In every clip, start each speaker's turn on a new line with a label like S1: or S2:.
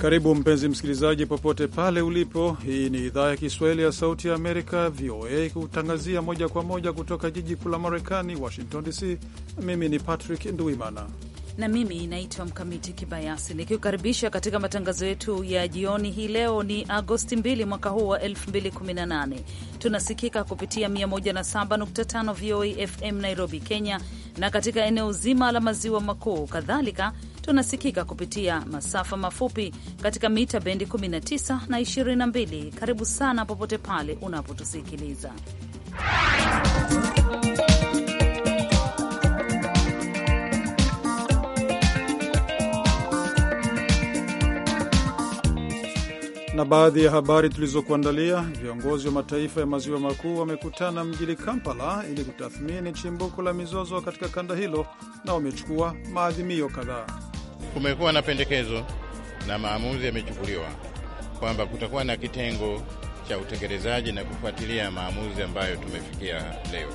S1: Karibu mpenzi msikilizaji, popote pale ulipo. Hii ni idhaa ya Kiswahili ya Sauti ya Amerika, VOA, kutangazia moja kwa moja kutoka jiji kuu la Marekani, Washington DC. Mimi ni Patrick Nduimana
S2: na mimi naitwa Mkamiti Kibayasi nikiukaribisha katika matangazo yetu ya jioni hii. Leo ni Agosti 2 mwaka huu wa 2018. Tunasikika kupitia 107.5 VOA FM Nairobi, Kenya, na katika eneo zima la maziwa makuu, kadhalika Tunasikika kupitia masafa mafupi katika mita bendi 19 na 22. Karibu sana popote pale unapotusikiliza.
S1: Na baadhi ya habari tulizokuandalia: viongozi wa mataifa ya maziwa makuu wamekutana mjini Kampala ili kutathmini chimbuko la mizozo katika kanda hilo na wamechukua maadhimio kadhaa.
S3: Kumekuwa na pendekezo na maamuzi yamechukuliwa kwamba kutakuwa na kitengo cha utekelezaji na kufuatilia maamuzi ambayo tumefikia leo.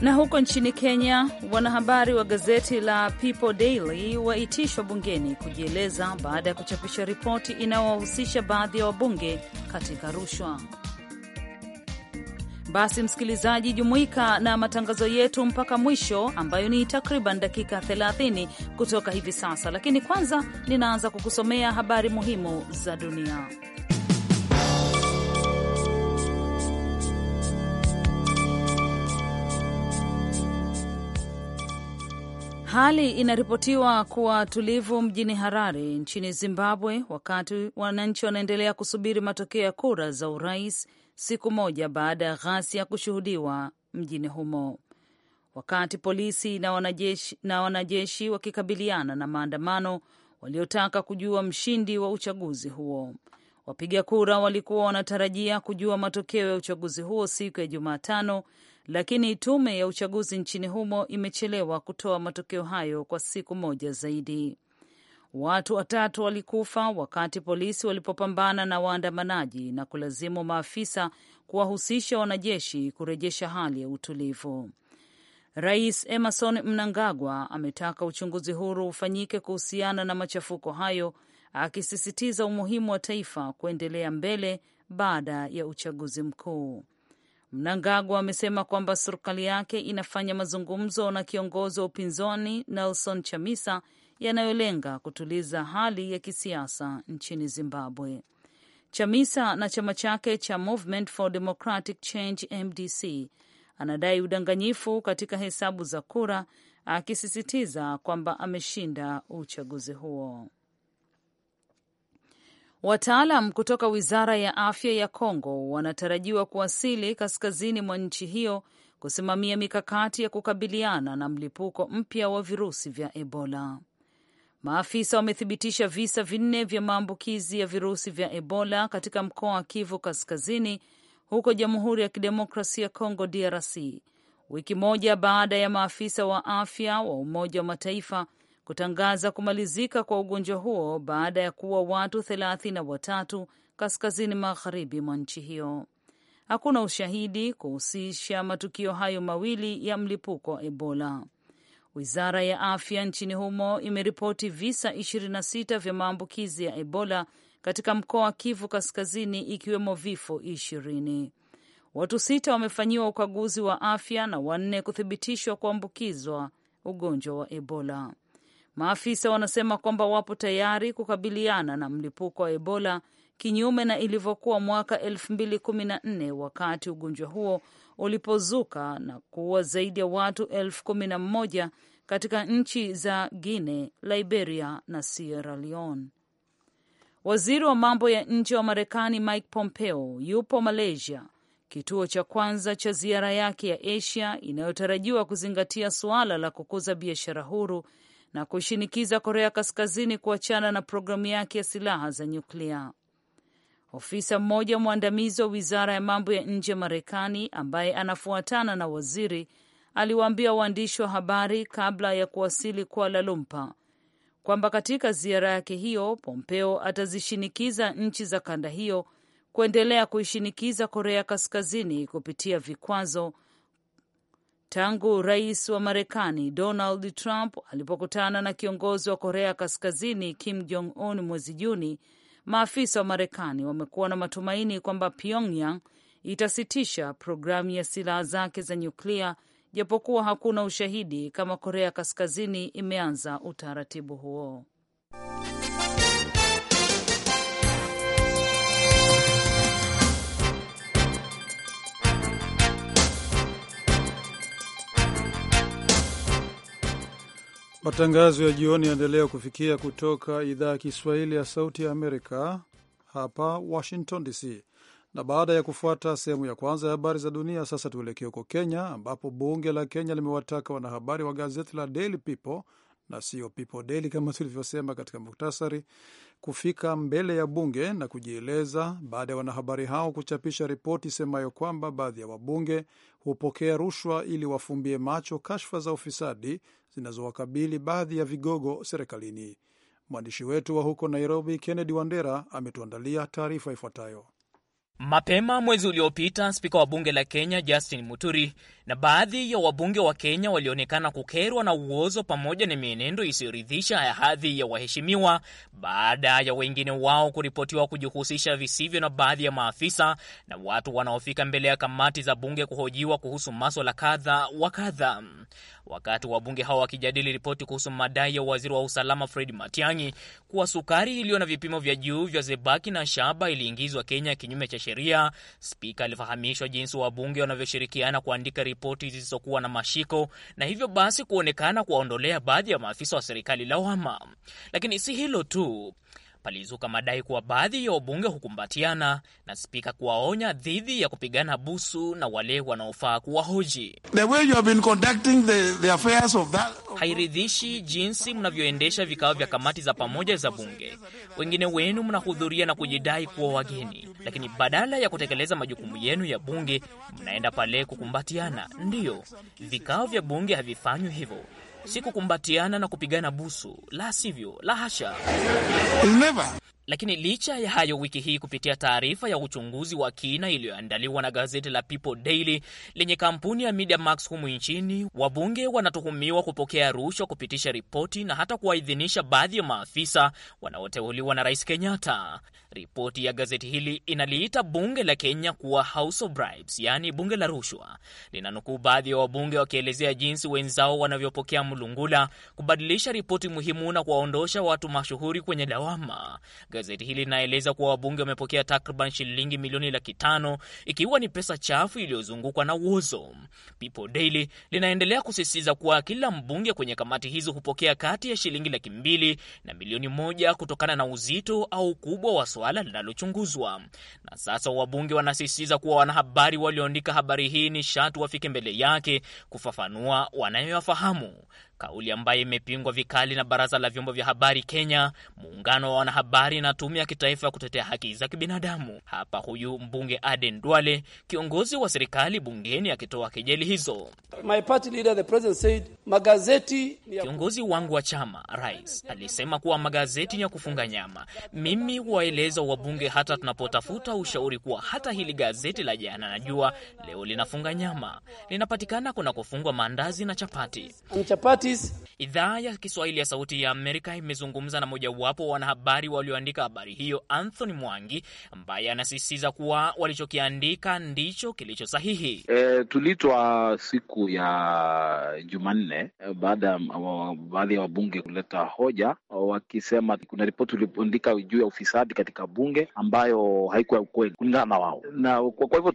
S2: Na huko nchini Kenya, wanahabari wa gazeti la People Daily waitishwa bungeni kujieleza baada ya kuchapisha ripoti inayowahusisha baadhi ya wabunge katika rushwa. Basi msikilizaji, jumuika na matangazo yetu mpaka mwisho, ambayo ni takriban dakika 30 kutoka hivi sasa, lakini kwanza ninaanza kukusomea habari muhimu za dunia. Hali inaripotiwa kuwa tulivu mjini Harare nchini Zimbabwe, wakati wananchi wanaendelea kusubiri matokeo ya kura za urais siku moja baada ya ghasia kushuhudiwa mjini humo, wakati polisi na wanajeshi, na wanajeshi wakikabiliana na maandamano waliotaka kujua mshindi wa uchaguzi huo. Wapiga kura walikuwa wanatarajia kujua matokeo ya uchaguzi huo siku ya Jumatano, lakini tume ya uchaguzi nchini humo imechelewa kutoa matokeo hayo kwa siku moja zaidi. Watu watatu walikufa wakati polisi walipopambana na waandamanaji na kulazimu maafisa kuwahusisha wanajeshi kurejesha hali ya utulivu. Rais Emerson Mnangagwa ametaka uchunguzi huru ufanyike kuhusiana na machafuko hayo, akisisitiza umuhimu wa taifa kuendelea mbele baada ya uchaguzi mkuu. Mnangagwa amesema kwamba serikali yake inafanya mazungumzo na kiongozi wa upinzani Nelson Chamisa yanayolenga kutuliza hali ya kisiasa nchini Zimbabwe. Chamisa na chama chake cha Movement for Democratic Change MDC anadai udanganyifu katika hesabu za kura, akisisitiza kwamba ameshinda uchaguzi huo. Wataalam kutoka wizara ya afya ya congo wanatarajiwa kuwasili kaskazini mwa nchi hiyo kusimamia mikakati ya kukabiliana na mlipuko mpya wa virusi vya Ebola. Maafisa wamethibitisha visa vinne vya maambukizi ya virusi vya Ebola katika mkoa wa Kivu Kaskazini huko Jamhuri ya Kidemokrasia ya Kongo DRC, wiki moja baada ya maafisa wa afya wa Umoja wa Mataifa kutangaza kumalizika kwa ugonjwa huo baada ya kuwa watu thelathini na watatu kaskazini magharibi mwa nchi hiyo. Hakuna ushahidi kuhusisha matukio hayo mawili ya mlipuko wa Ebola. Wizara ya afya nchini humo imeripoti visa 26 vya maambukizi ya Ebola katika mkoa wa Kivu Kaskazini, ikiwemo vifo ishirini. Watu sita wamefanyiwa ukaguzi wa afya na wanne kuthibitishwa kuambukizwa ugonjwa wa Ebola. Maafisa wanasema kwamba wapo tayari kukabiliana na mlipuko wa Ebola kinyume na ilivyokuwa mwaka 2014 wakati ugonjwa huo ulipozuka na kuua zaidi ya watu elfu kumi na katika nchi za Guinea, Liberia na Sierra Leone. Waziri wa mambo ya nje wa Marekani Mike Pompeo yupo Malaysia, kituo cha kwanza cha ziara yake ya Asia inayotarajiwa kuzingatia suala la kukuza biashara huru na kushinikiza Korea Kaskazini kuachana na programu yake ya silaha za nyuklia. Ofisa mmoja mwandamizi wa wizara ya mambo ya nje ya Marekani ambaye anafuatana na waziri aliwaambia waandishi wa habari kabla ya kuwasili Kuala Lumpur kwamba katika ziara yake hiyo Pompeo atazishinikiza nchi za kanda hiyo kuendelea kuishinikiza Korea Kaskazini kupitia vikwazo tangu rais wa Marekani Donald Trump alipokutana na kiongozi wa Korea Kaskazini Kim Jong Un mwezi Juni. Maafisa wa Marekani wamekuwa na matumaini kwamba Pyongyang itasitisha programu ya silaha zake za nyuklia japokuwa hakuna ushahidi kama Korea Kaskazini imeanza utaratibu huo.
S1: Matangazo ya jioni yaendelea kufikia kutoka idhaa ya Kiswahili ya Sauti ya Amerika hapa Washington DC. Na baada ya kufuata sehemu ya kwanza ya habari za dunia, sasa tuelekee huko Kenya, ambapo bunge la Kenya limewataka wanahabari wa gazeti la Daily People na sio People Daily kama tulivyosema katika muktasari, kufika mbele ya bunge na kujieleza baada ya wanahabari hao kuchapisha ripoti isemayo kwamba baadhi ya wabunge hupokea rushwa ili wafumbie macho kashfa za ufisadi zinazowakabili baadhi ya vigogo serikalini. Mwandishi wetu wa huko Nairobi, Kennedy Wandera, ametuandalia taarifa ifuatayo.
S4: Mapema mwezi uliopita spika wa bunge la Kenya Justin Muturi na baadhi ya wabunge wa Kenya walionekana kukerwa na uozo pamoja na mienendo isiyoridhisha ya hadhi ya waheshimiwa baada ya wengine wao kuripotiwa kujihusisha visivyo na baadhi ya maafisa na watu wanaofika mbele ya kamati za bunge kuhojiwa kuhusu maswala kadha wa kadha. Wakati wabunge hao wakijadili ripoti kuhusu madai ya waziri wa usalama Fred Matiang'i kuwa sukari iliyo na vipimo vya juu vya zebaki na shaba iliingizwa Kenya kinyume cha sheria, spika alifahamishwa jinsi wabunge wanavyoshirikiana kuandika ripoti zisizokuwa na mashiko na hivyo basi kuonekana kuwaondolea baadhi ya maafisa wa serikali lawama. Lakini si hilo tu palizuka madai kuwa baadhi ya wabunge hukumbatiana na spika kuwaonya dhidi ya kupigana busu na wale wanaofaa kuwahoji. Hairidhishi jinsi mnavyoendesha vikao vya kamati za pamoja za bunge. Wengine wenu mnahudhuria na kujidai kuwa wageni, lakini badala ya kutekeleza majukumu yenu ya bunge, mnaenda pale kukumbatiana. Ndiyo, vikao vya bunge havifanywi hivyo si kukumbatiana na kupigana busu, la sivyo, la hasha. Lakini licha ya hayo, wiki hii kupitia taarifa ya uchunguzi wa kina iliyoandaliwa na gazeti la People Daily lenye kampuni ya MediaMax humu nchini, wabunge wanatuhumiwa kupokea rushwa kupitisha ripoti na hata kuwaidhinisha baadhi ya maafisa wanaoteuliwa na Rais Kenyatta. Ripoti ya gazeti hili inaliita bunge la Kenya kuwa House of Bribes, yaani bunge la rushwa. Linanukuu baadhi ya wabunge wakielezea jinsi wenzao wanavyopokea mlungula, kubadilisha ripoti muhimu na kuwaondosha watu mashuhuri kwenye lawama. Gazeti hili linaeleza kuwa wabunge wamepokea takriban shilingi milioni laki tano ikiwa ni pesa chafu iliyozungukwa na uozo. People Daily linaendelea kusisitiza kuwa kila mbunge kwenye kamati hizo hupokea kati ya shilingi laki mbili na milioni moja kutokana na uzito au ukubwa wa suala linalochunguzwa. Na sasa wabunge wanasisitiza kuwa wanahabari walioandika habari hii ni shatu wafike mbele yake kufafanua wanayoyafahamu kauli ambayo imepingwa vikali na baraza la vyombo vya habari Kenya, muungano wa wanahabari na tume ya kitaifa kutetea haki za kibinadamu. Hapa huyu mbunge Aden Duale, kiongozi wa serikali bungeni, akitoa kejeli hizo. My
S5: party leader, the president said,
S4: magazeti kiongozi wangu wa chama rais alisema kuwa magazeti ni ya kufunga nyama. Mimi waeleza wabunge hata tunapotafuta ushauri kuwa hata hili gazeti la jana najua leo linafunga nyama, linapatikana kuna kufungwa maandazi na chapati, chapati Idhaa ya Kiswahili ya Sauti ya Amerika imezungumza na mojawapo wa wanahabari walioandika habari hiyo, Anthony Mwangi, ambaye anasisitiza kuwa walichokiandika ndicho kilicho sahihi.
S6: E, eh, tulitwa siku ya Jumanne eh, baada ya baadhi ya wabunge kuleta hoja wakisema kuna ripoti ulioandika juu ya ufisadi katika bunge ambayo haikuwa ukweli kulingana na wao, na kwa hivyo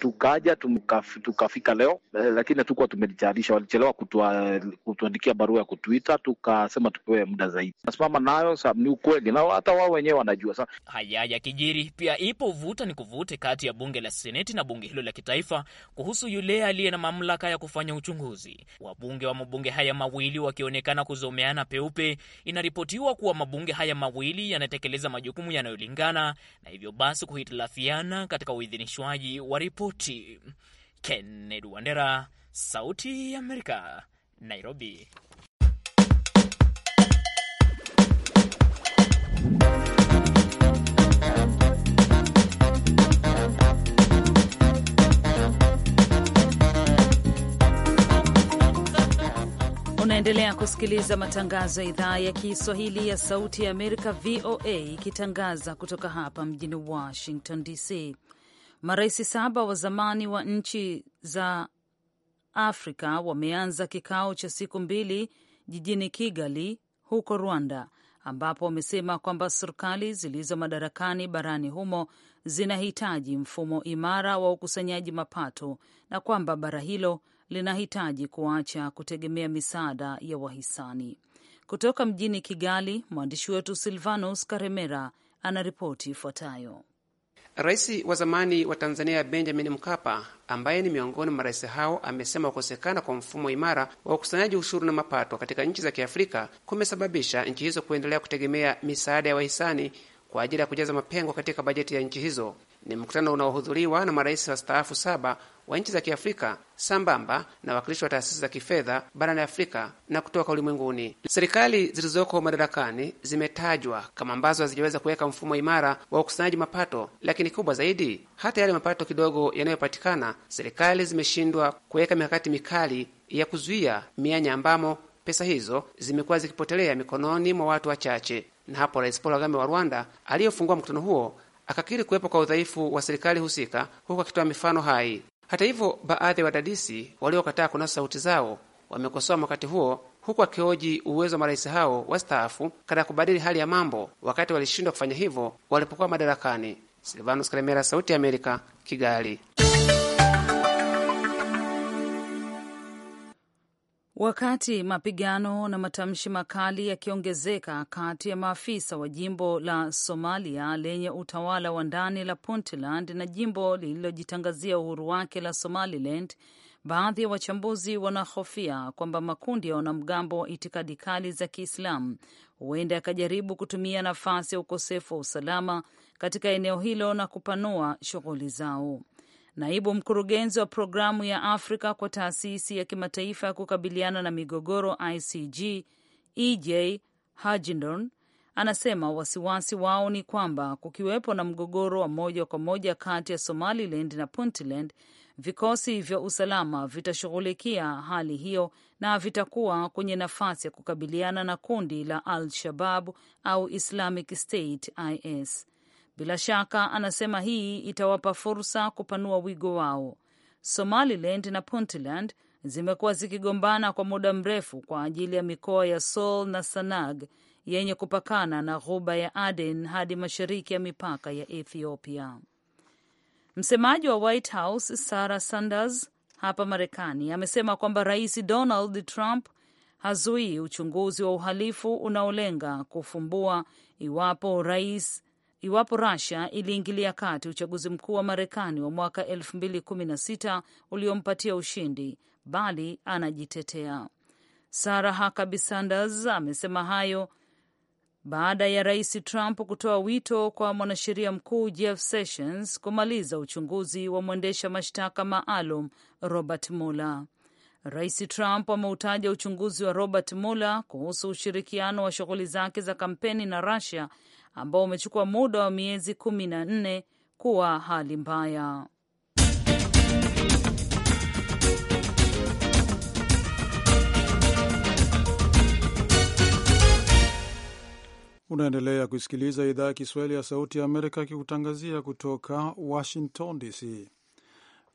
S6: tukaja tukafika tuka leo, eh, lakini hatukuwa tumejitayarisha, walichelewa kutua, kutua kutuandikia barua ya kutuita, tukasema tupewe muda zaidi. Nasimama nayo sa, ni ukweli na hata wao wenyewe wanajua sa.
S4: Haya kijiri pia ipo vuta ni kuvute kati ya bunge la seneti na bunge hilo la kitaifa kuhusu yule aliye na mamlaka ya kufanya uchunguzi. Wabunge wa mabunge haya mawili wakionekana kuzomeana peupe. Inaripotiwa kuwa mabunge haya mawili yanatekeleza majukumu yanayolingana na hivyo basi kuhitilafiana katika uidhinishwaji wa ripoti. Kennedy Wandera, Sauti ya Amerika, Nairobi.
S2: Unaendelea kusikiliza matangazo ya idhaa ya Kiswahili ya Sauti ya Amerika, VOA, ikitangaza kutoka hapa mjini Washington DC. Marais saba wa zamani wa nchi za Afrika wameanza kikao cha siku mbili jijini Kigali huko Rwanda, ambapo wamesema kwamba serikali zilizo madarakani barani humo zinahitaji mfumo imara wa ukusanyaji mapato na kwamba bara hilo linahitaji kuacha kutegemea misaada ya wahisani. Kutoka mjini Kigali, mwandishi wetu Silvanus Karemera anaripoti ifuatayo.
S5: Rais wa zamani wa Tanzania Benjamin Mkapa, ambaye ni miongoni mwa rais hao, amesema kukosekana kwa mfumo imara wa ukusanyaji ushuru na mapato katika nchi za Kiafrika kumesababisha nchi hizo kuendelea kutegemea misaada ya wahisani kwa ajili ya kujaza mapengo katika bajeti ya nchi hizo. Ni mkutano unaohudhuriwa na marais wa staafu saba wa nchi za Kiafrika sambamba na wakilishi wa taasisi za kifedha barani Afrika na kutoka ulimwenguni. Serikali zilizoko madarakani zimetajwa kama ambazo hazijaweza kuweka mfumo imara wa ukusanyaji mapato, lakini kubwa zaidi, hata yale mapato kidogo yanayopatikana, serikali zimeshindwa kuweka mikakati mikali ya kuzuia mianya ambamo pesa hizo zimekuwa zikipotelea mikononi mwa watu wachache. Na hapo Rais Paul Kagame wa Rwanda aliyofungua mkutano huo akakiri kuwepo kwa udhaifu wa serikali husika, huku akitoa mifano hai. Hata hivyo, baadhi ya wadadisi waliokataa kunasa sauti zao wamekosoa wakati huo, huku wakihoji uwezo wa marais hao wastaafu katika kubadili hali ya mambo, wakati walishindwa kufanya hivyo walipokuwa madarakani. Silvanus Kalemera, Sauti ya Amerika, Kigali.
S2: Wakati mapigano na matamshi makali yakiongezeka kati ya maafisa wa jimbo la Somalia lenye utawala wa ndani la Puntland na jimbo lililojitangazia uhuru wake la Somaliland, baadhi ya wa wachambuzi wanahofia kwamba makundi ya wanamgambo wa itikadi kali za Kiislamu huenda yakajaribu kutumia nafasi ya ukosefu wa usalama katika eneo hilo na kupanua shughuli zao naibu mkurugenzi wa programu ya Afrika kwa taasisi ya kimataifa ya kukabiliana na migogoro ICG, EJ hajindon anasema wasiwasi wao ni kwamba kukiwepo na mgogoro wa moja kwa moja kati ya Somaliland na Puntland, vikosi vya usalama vitashughulikia hali hiyo na vitakuwa kwenye nafasi ya kukabiliana na kundi la Al Shababu au Islamic State IS. Bila shaka, anasema hii itawapa fursa kupanua wigo wao. Somaliland na Puntland zimekuwa zikigombana kwa muda mrefu kwa ajili ya mikoa ya Sol na sanag yenye kupakana na ghuba ya Aden hadi mashariki ya mipaka ya Ethiopia. Msemaji wa White House Sarah Sanders hapa Marekani amesema kwamba Rais Donald Trump hazuii uchunguzi wa uhalifu unaolenga kufumbua iwapo rais iwapo Russia iliingilia kati uchaguzi mkuu wa Marekani wa mwaka 2016 uliompatia ushindi, bali anajitetea. Sarah Huckabee Sanders amesema hayo baada ya Rais Trump kutoa wito kwa mwanasheria mkuu Jeff Sessions kumaliza uchunguzi wa mwendesha mashtaka maalum Robert Mueller. Rais Trump ameutaja uchunguzi wa Robert Mueller kuhusu ushirikiano wa shughuli zake za kampeni na Russia ambao umechukua muda wa miezi kumi na nne kuwa hali mbaya.
S1: Unaendelea kusikiliza idhaa ya Kiswahili ya Sauti ya Amerika ikikutangazia kutoka Washington DC.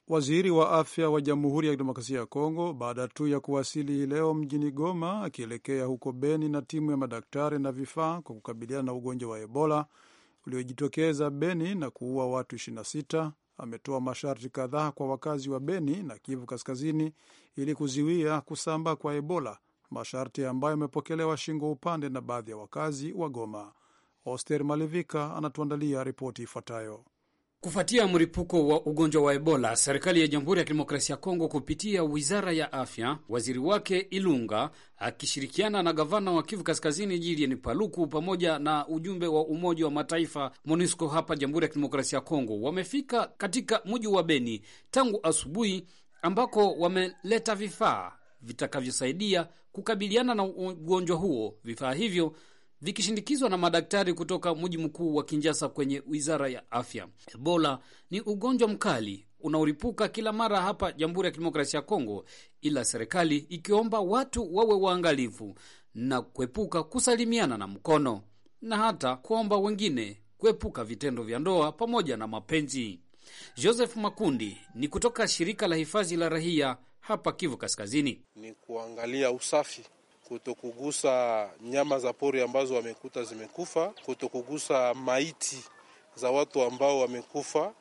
S1: Waziri wa afya wa Jamhuri ya Kidemokrasia ya Kongo, baada tu ya kuwasili hii leo mjini Goma akielekea huko Beni na timu ya madaktari na vifaa kwa kukabiliana na ugonjwa wa Ebola uliojitokeza Beni na kuua watu 26, ametoa masharti kadhaa kwa wakazi wa Beni na Kivu Kaskazini ili kuziwia kusambaa kwa Ebola, masharti ambayo yamepokelewa shingo upande na baadhi ya wakazi
S6: wa Goma. Oster Malevika
S1: anatuandalia ripoti ifuatayo.
S6: Kufuatia mlipuko wa ugonjwa wa Ebola, serikali ya Jamhuri ya Kidemokrasia ya Kongo kupitia wizara ya afya, waziri wake Ilunga akishirikiana na gavana wa Kivu Kaskazini Julien Paluku pamoja na ujumbe wa Umoja wa Mataifa MONUSCO hapa Jamhuri ya Kidemokrasia ya Kongo wamefika katika mji wa Beni tangu asubuhi, ambako wameleta vifaa vitakavyosaidia kukabiliana na ugonjwa huo. Vifaa hivyo vikishindikizwa na madaktari kutoka mji mkuu wa Kinjasa kwenye wizara ya afya. Ebola ni ugonjwa mkali unaoripuka kila mara hapa Jamhuri ya Kidemokrasia ya Kongo, ila serikali ikiomba watu wawe waangalifu na kuepuka kusalimiana na mkono na hata kuomba wengine kuepuka vitendo vya ndoa pamoja na mapenzi. Joseph Makundi ni kutoka shirika la hifadhi la rahia hapa Kivu Kaskazini.
S1: Ni kuangalia usafi kutokugusa nyama za pori ambazo wamekuta zimekufa, kutokugusa maiti za watu ambao wamekufa,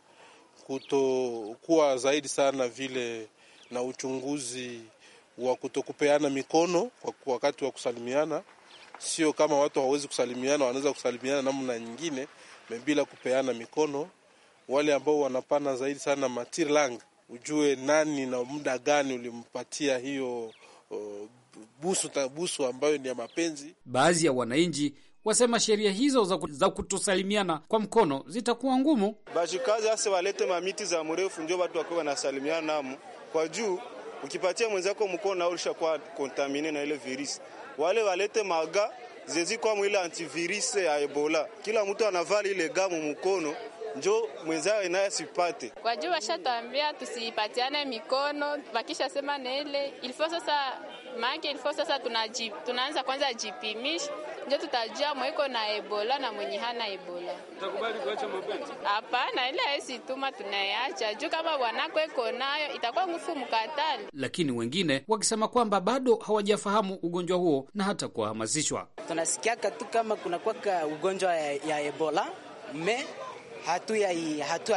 S1: kutokuwa zaidi sana vile na uchunguzi wa kutokupeana mikono kwa wakati wa kusalimiana. Sio kama watu hawawezi kusalimiana, wanaweza kusalimiana namna nyingine bila kupeana mikono. Wale ambao wanapana zaidi sana matirlang, ujue nani na muda gani ulimpatia
S6: hiyo uh, busu busu ambayo ni ya mapenzi. Baadhi ya wananchi wasema sheria hizo za, za kutosalimiana kwa mkono zitakuwa ngumu.
S7: Bashikazi hasa walete mamiti za mrefu, ndio watu wakiwa wanasalimiana namo kwa juu. Ukipatia mwenzako mkono ulishakuwa kontamine na ile virusi. Wale walete maga zezi kwa ile antivirus ya Ebola, kila mtu anavali ile gamu mkono njo mwenzao inaye sipate
S5: kwa juu washatwambia tusipatiane mikono, wakisha sema na ile ilifo sasa maana ilifo sasa tunaanza kwanza jipimisha ndio tutajua mweko na Ebola na mwenye hana Ebola.
S6: Utakubali kuacha mapenzi?
S5: Hapana, ile hesi tuma tunayeacha juu kama bwana kweko nayo itakuwa ngufu mkatali.
S6: Lakini wengine wakisema kwamba bado hawajafahamu ugonjwa huo na hata kuwahamasishwa.
S5: Tunasikiaka tu kama kuna ugonjwa ya, ya Ebola me hatua hatu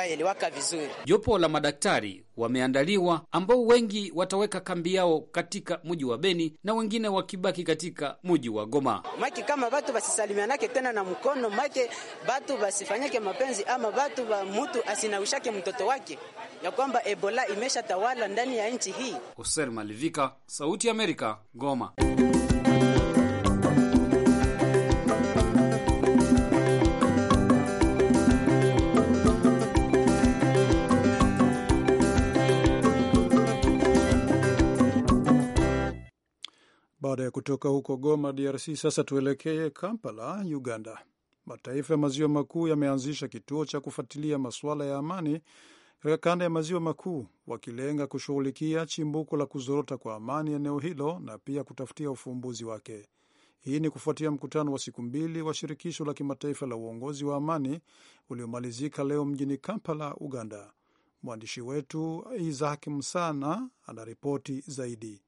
S5: vizuri.
S6: Jopo la madaktari wameandaliwa ambao wengi wataweka kambi yao katika mji wa Beni na wengine wakibaki katika mji wa Goma.
S5: Maki kama batu basisalimianake tena na mkono, make batu basifanyake mapenzi ama batu ba mutu asinawishake mtoto wake ya kwamba Ebola imesha tawala ndani ya nchi hii.
S6: Hoser Malivika, Sauti ya Amerika, Goma.
S1: Baada ya kutoka huko Goma, DRC, sasa tuelekee Kampala, Uganda. Mataifa ya maziwa makuu yameanzisha kituo cha kufuatilia masuala ya amani katika kanda ya maziwa makuu, wakilenga kushughulikia chimbuko la kuzorota kwa amani eneo hilo na pia kutafutia ufumbuzi wake. Hii ni kufuatia mkutano wa siku mbili wa shirikisho la kimataifa la uongozi wa amani uliomalizika leo mjini Kampala, Uganda.
S7: Mwandishi wetu Isaac Msana anaripoti zaidi.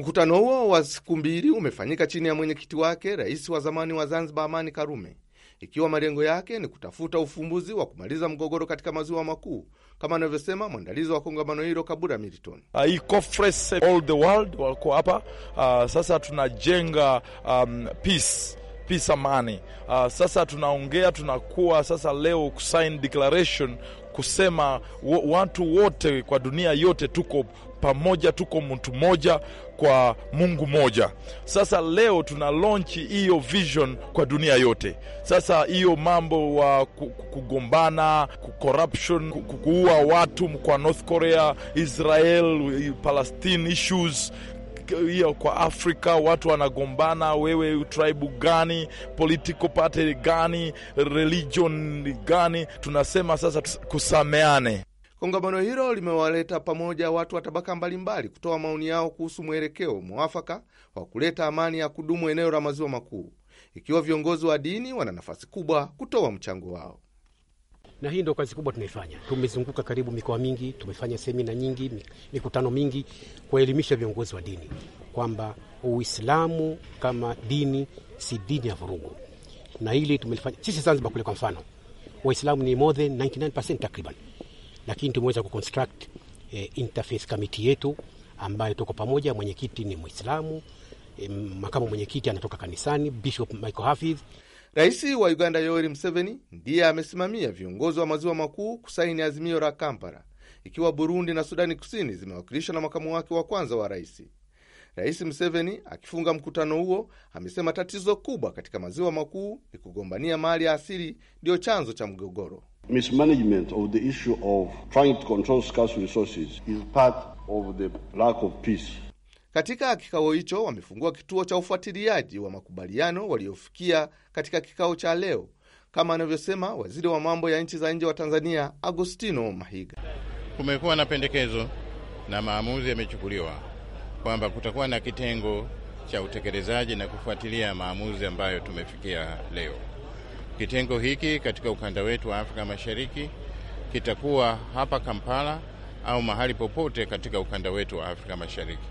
S7: Mkutano huo wa siku mbili umefanyika chini ya mwenyekiti wake, rais wa zamani wa Zanzibar Amani Karume, ikiwa malengo yake ni kutafuta ufumbuzi wa kumaliza mgogoro katika maziwa makuu kama anavyosema mwandalizi wa kongamano hilo Kabura Milton.
S1: Uh, conference eh, all the world hapa. Uh, sasa tunajenga um, peace peace, amani. Uh, sasa tunaongea tunakuwa sasa leo kusign declaration kusema watu wote kwa dunia yote tuko pamoja, tuko mtu mmoja kwa Mungu moja. Sasa leo tuna launch hiyo vision kwa dunia yote. Sasa hiyo mambo wa kugombana, corruption, kuua watu kwa North Korea, Israel, Palestine issues hiyo kwa Afrika watu wanagombana, wewe tribu gani, political party gani, religion gani? Tunasema
S7: sasa kusameane. Kongamano hilo limewaleta pamoja watu wa tabaka mbalimbali kutoa maoni yao kuhusu mwelekeo mwafaka wa kuleta amani ya kudumu eneo la maziwa makuu, ikiwa viongozi wa dini wana nafasi kubwa kutoa mchango wao na hii ndo
S3: kazi kubwa tunaifanya. Tumezunguka karibu mikoa mingi, tumefanya semina nyingi, mikutano mingi kuwaelimisha viongozi wa dini kwamba Uislamu kama dini si dini ya vurugu, na hili tumelifanya sisi Zanzibar kule. Kwa mfano, Waislamu ni more than 99% takriban lakini tumeweza kuconstruct eh, interface committee yetu
S7: ambayo tuko pamoja. Mwenyekiti ni Mwislamu, eh, makamu mwenyekiti anatoka kanisani, Bishop Michael Hafiz. Rais wa Uganda Yoweri Museveni ndiye amesimamia viongozi wa maziwa makuu kusaini azimio la Kampala, ikiwa Burundi na Sudani Kusini zimewakilishwa na makamu wake wa kwanza wa rais. Rais Museveni akifunga mkutano huo amesema tatizo kubwa katika maziwa makuu ni kugombania mali ya asili ndiyo chanzo cha mgogoro mismanagement of the issue of trying to control scarce resources is part of the lack of peace. Katika kikao hicho wamefungua kituo cha ufuatiliaji wa makubaliano waliofikia katika kikao cha leo, kama anavyosema waziri wa mambo ya nchi za nje wa Tanzania Agostino Mahiga.
S3: Kumekuwa na pendekezo na maamuzi yamechukuliwa kwamba kutakuwa na kitengo cha utekelezaji na kufuatilia maamuzi ambayo tumefikia leo. Kitengo hiki katika ukanda wetu wa Afrika Mashariki kitakuwa hapa Kampala au mahali popote katika ukanda wetu wa Afrika Mashariki,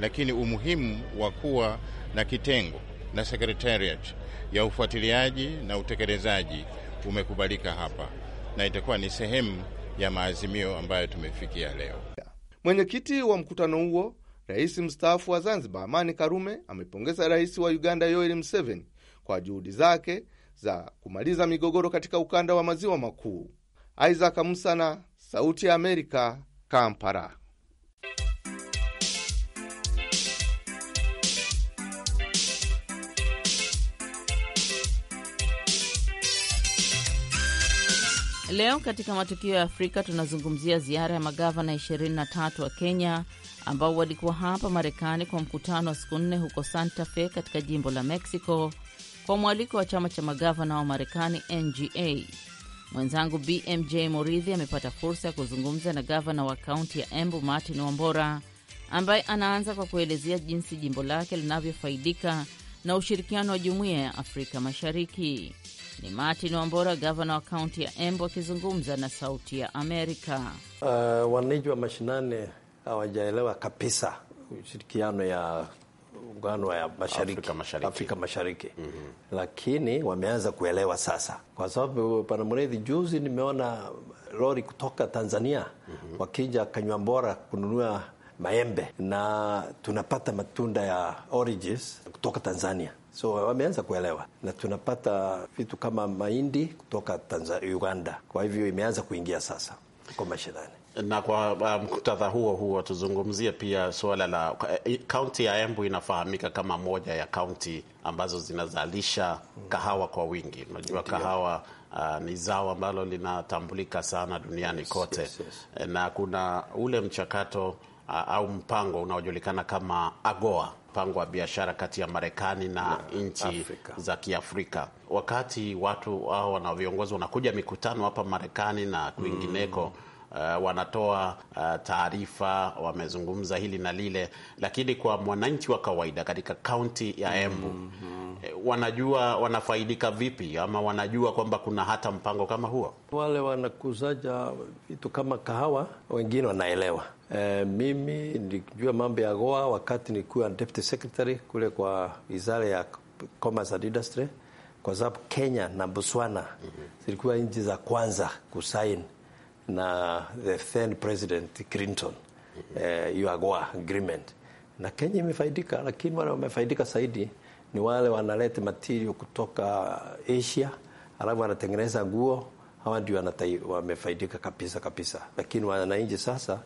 S3: lakini umuhimu wa kuwa na kitengo na secretariat ya ufuatiliaji na utekelezaji umekubalika hapa na itakuwa
S7: ni sehemu ya maazimio ambayo tumefikia leo. Mwenyekiti wa mkutano huo, rais mstaafu wa Zanzibar Amani Karume amepongeza rais wa Uganda Yoweri Museveni kwa juhudi zake za kumaliza migogoro katika ukanda wa maziwa makuu. Isaac Musana, Sauti ya Amerika, Kampala.
S2: Leo katika matukio ya Afrika tunazungumzia ziara ya magavana 23 wa Kenya ambao walikuwa hapa Marekani kwa mkutano wa siku nne huko Santa Fe katika jimbo la Mexico kwa mwaliko wa chama cha magavana wa Marekani NGA. Mwenzangu BMJ Moridhi amepata fursa ya kuzungumza na gavana wa kaunti ya Embu Martin Wambora, ambaye anaanza kwa kuelezea jinsi jimbo lake linavyofaidika na ushirikiano wa jumuiya ya Afrika Mashariki. Ni Martin Wambora, gavana wa kaunti ya Embu, akizungumza na Sauti ya Amerika.
S8: Uh, wananchi wa mashinani hawajaelewa kabisa ushirikiano ya muungano ya mashariki, Afrika Mashariki, Afrika Mashariki. Mm -hmm. Lakini wameanza kuelewa sasa, kwa sababu pana mrethi, juzi nimeona lori kutoka Tanzania mm -hmm. wakija Kanywambora kununua maembe na tunapata matunda ya oranges kutoka Tanzania, so wameanza kuelewa, na tunapata vitu kama mahindi kutoka Tanzania, Uganda. Kwa hivyo imeanza
S3: kuingia sasa kwa mashindani. Na kwa um, muktadha um, huo huo tuzungumzie pia suala la eh, kaunti ya Embu. Inafahamika kama moja ya kaunti ambazo zinazalisha kahawa kwa wingi. Unajua kahawa Uh, ni zao ambalo linatambulika sana duniani yes, kote yes, yes. Eh, na kuna ule mchakato uh, au mpango unaojulikana kama AGOA, mpango wa biashara kati ya Marekani na, yeah, nchi za Kiafrika. Wakati watu hao na viongozi wanakuja mikutano hapa Marekani na kwingineko mm uh, wanatoa uh, taarifa, wamezungumza hili na lile, lakini kwa mwananchi wa kawaida katika kaunti ya Embu mm -hmm. wanajua wanafaidika vipi, ama wanajua kwamba kuna hata mpango kama huo?
S8: Wale wanakuzaja vitu kama kahawa, wengine wanaelewa. E, mimi nilijua mambo ya goa wakati nilikuwa deputy secretary kule kwa wizara ya commerce and industry, kwa sababu Kenya na Botswana mm -hmm. zilikuwa nchi za kwanza kusaini na the then president Clinton eh, UAGOA agreement, na Kenya imefaidika, lakini wale wamefaidika zaidi ni wale wanaleta material kutoka Asia alafu wanatengeneza nguo. Hawa ndio wamefaidika kabisa kabisa, lakini wananchi sasa,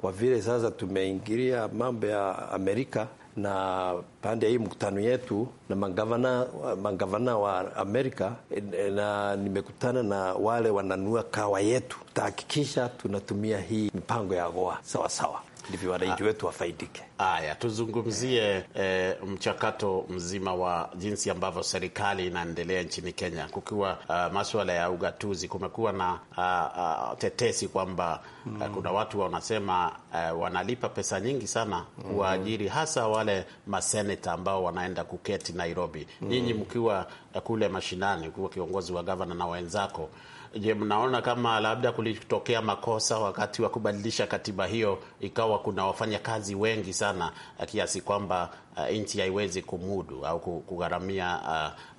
S8: kwa vile sasa tumeingilia mambo ya Amerika na pande ya hii mkutano yetu na magavana, magavana wa Amerika na nimekutana na wale wananua kawa yetu,
S3: tutahakikisha tunatumia hii mipango ya goa sawasawa sawa ndivyo wananchi ah. wetu wafaidike. Haya, tuzungumzie e, mchakato mzima wa jinsi ambavyo serikali inaendelea nchini Kenya, kukiwa uh, maswala ya ugatuzi. Kumekuwa na uh, uh, tetesi kwamba mm. uh, kuna watu wanasema uh, wanalipa pesa nyingi sana mm-hmm. kuwaajiri mm. hasa wale maseneta ambao wanaenda kuketi Nairobi. Mm. Nyinyi mkiwa kule mashinani, ukiwa kiongozi wa gavana na wenzako Je, mnaona kama labda kulitokea makosa wakati wa kubadilisha katiba hiyo, ikawa kuna wafanyakazi wengi sana eh, kiasi kwamba uh, nchi haiwezi kumudu au kugharamia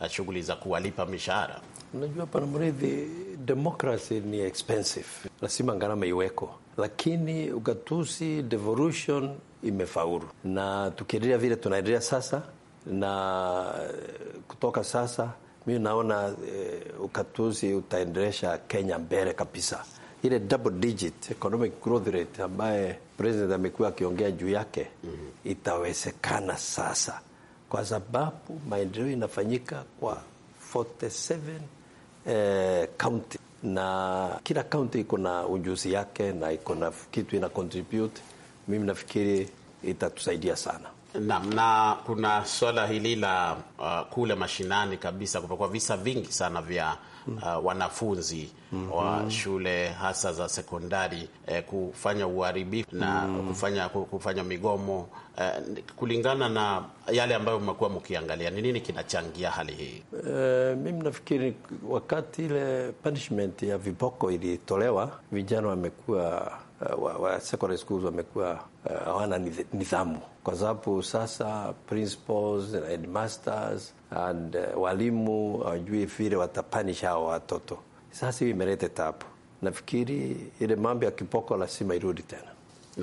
S3: uh, shughuli za kuwalipa mishahara?
S8: Unajua pana Mridhi, democracy ni expensive, lazima gharama iweko, lakini ugatusi devolution imefaulu, na tukiendelea vile tunaendelea sasa na kutoka sasa mi naona eh, ukatuzi utaendelesha Kenya mbele kabisa. Ile double digit economic growth rate ambaye president amekuwa akiongea juu yake mm -hmm. itawezekana sasa, kwa sababu maendeleo inafanyika kwa 47 eh, county na kila kaunti
S3: iko na ujuzi yake na iko na kitu ina contribute. Mimi nafikiri itatusaidia sana. Naam, na kuna swala hili la uh, kule mashinani kabisa, kumekuwa visa vingi sana vya uh, wanafunzi mm -hmm. wa mm-hmm. shule hasa za sekondari eh, kufanya uharibifu na mm -hmm. kufanya, kufanya migomo eh, kulingana na yale ambayo mmekuwa mkiangalia, ni nini kinachangia hali hii?
S8: Uh, mimi nafikiri wakati ile punishment ya viboko ilitolewa, vijana wamekuwa Eh, wa, wa secondary schools wamekuwa eh, hawana uh, nidhamu, kwa sababu sasa principals na headmasters and uh, walimu hawajui vile watapanish hawa watoto. Sasa hiyo imeleta tabu. Nafikiri ile mambo ya kipoko lazima irudi tena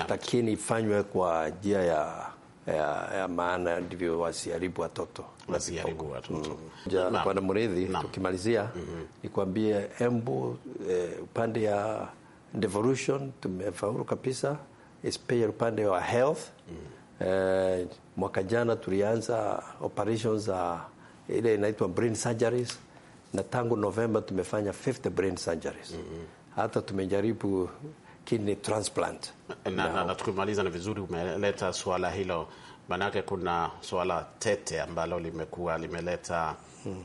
S8: lakini ifanywe kwa njia ya ya, ya maana ndivyo wasiharibu watoto wasiharibu watoto mm. Bwana Murithi, tukimalizia mm -hmm. nikuambie embu eh, upande ya devolution tumefaulu kabisa, especially upande wa health mm. Eh, mwaka jana tulianza operations za uh, ile inaitwa brain surgeries na tangu Novemba tumefanya 50 brain surgeries mm -hmm. hata
S3: tumejaribu kidney transplant na, na, na, tukimaliza na vizuri, umeleta suala hilo, maanake kuna suala tete ambalo limekuwa limeleta mm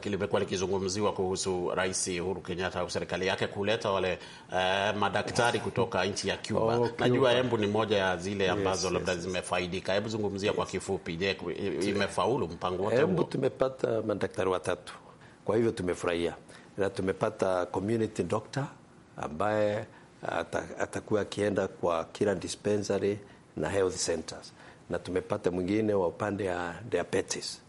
S3: kilivyokuwa likizungumziwa kuhusu Rais Uhuru Kenyatta au serikali yake kuleta wale eh, madaktari kutoka nchi ya Cuba. Oh, najua Embu ni moja ya zile ambazo yes, labda yes, zimefaidika. Hebu zungumzia yes, kwa kifupi. Je, imefaulu mpango wote? Embu
S8: tumepata madaktari watatu, kwa hivyo tumefurahia, na tumepata community doctor ambaye atakuwa akienda kwa kila dispensary na health centers, na tumepata mwingine wa upande ya diabetes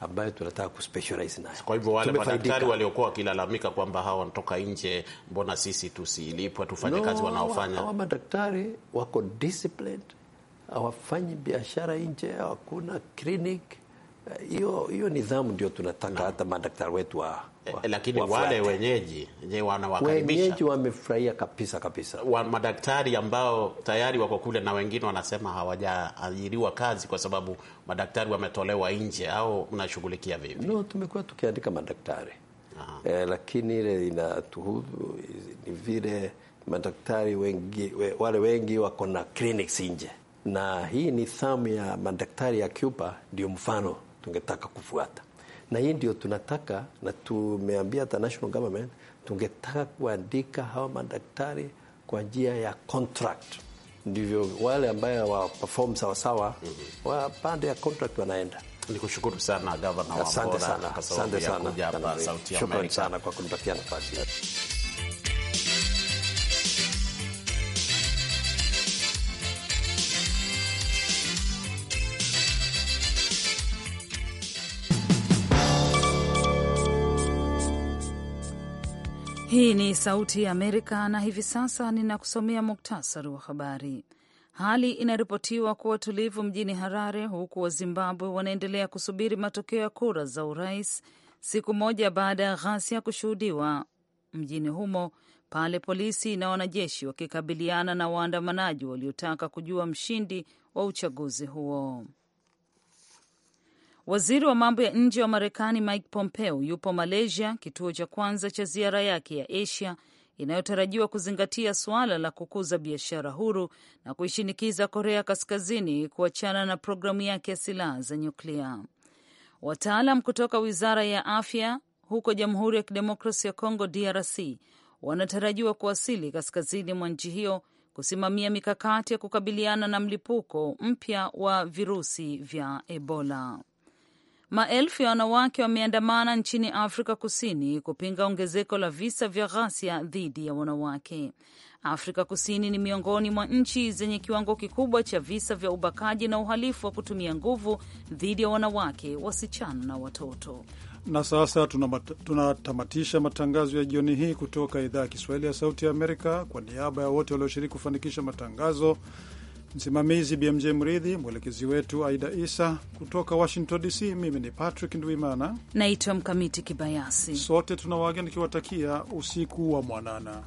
S8: ambayo tunataka
S3: kuspecialize nayo. Kwa hivyo wale madaktari waliokuwa wakilalamika kwamba hawa wanatoka nje, mbona sisi tusilipwe tufanye no, kazi wanaofanya hawa
S8: madaktari wako disciplined, hawafanyi biashara nje, hakuna clinic hiyo hiyo nidhamu ndio tunataka
S3: hata madaktari wetu wa, eh, wa, lakini wa wale wenyeji wenyewe wanawakaribisha wenyeji wamefurahia kabisa kabisa wa, madaktari ambao tayari wako kule na wengine wanasema hawajaajiriwa kazi kwa sababu madaktari wametolewa nje au mnashughulikia vipi no tumekuwa tukiandika madaktari
S8: e, lakini ile inatuhudu ni vile madaktari wengi we, wale wengi wako na clinics nje na hii nidhamu ya madaktari ya Cuba ndio mfano tungetaka kufuata, na hii ndio tunataka, na tumeambia the national government tungetaka kuandika hawa madaktari kwa njia ya contract, ndivyo wale ambayo wa perform sawasawa mhm. wa pande ya contract wanaenda. Nikushukuru sana gavana, asante sana, asante sana, sauti ya sana kwa kunipatia nafasi.
S2: Hii ni Sauti ya Amerika na hivi sasa ninakusomea muktasari wa habari. Hali inaripotiwa kuwa tulivu mjini Harare, huku Wazimbabwe wanaendelea kusubiri matokeo ya kura za urais, siku moja baada ya ghasia kushuhudiwa mjini humo pale polisi na wanajeshi wakikabiliana na waandamanaji waliotaka kujua mshindi wa uchaguzi huo. Waziri wa mambo ya nje wa Marekani Mike Pompeo yupo Malaysia, kituo cha kwanza cha ziara yake ya Asia inayotarajiwa kuzingatia suala la kukuza biashara huru na kuishinikiza Korea Kaskazini kuachana na programu yake ya silaha za nyuklia. Wataalam kutoka wizara ya afya huko Jamhuri ya Kidemokrasi ya Kongo, DRC, wanatarajiwa kuwasili kaskazini mwa nchi hiyo kusimamia mikakati ya kukabiliana na mlipuko mpya wa virusi vya Ebola. Maelfu ya wanawake wameandamana nchini Afrika Kusini kupinga ongezeko la visa vya ghasia dhidi ya wanawake. Afrika Kusini ni miongoni mwa nchi zenye kiwango kikubwa cha visa vya ubakaji na uhalifu wa kutumia nguvu dhidi ya wanawake, wasichana na watoto.
S1: Na sasa tunatamatisha matangazo ya jioni hii kutoka idhaa ya Kiswahili ya Sauti ya Amerika. Kwa niaba ya wote walioshiriki kufanikisha matangazo Msimamizi BMJ Mridhi, mwelekezi wetu Aida Isa kutoka Washington DC. Mimi ni Patrick Ndwimana naitwa Mkamiti Kibayasi, sote tunawaaga nikiwatakia usiku wa mwanana.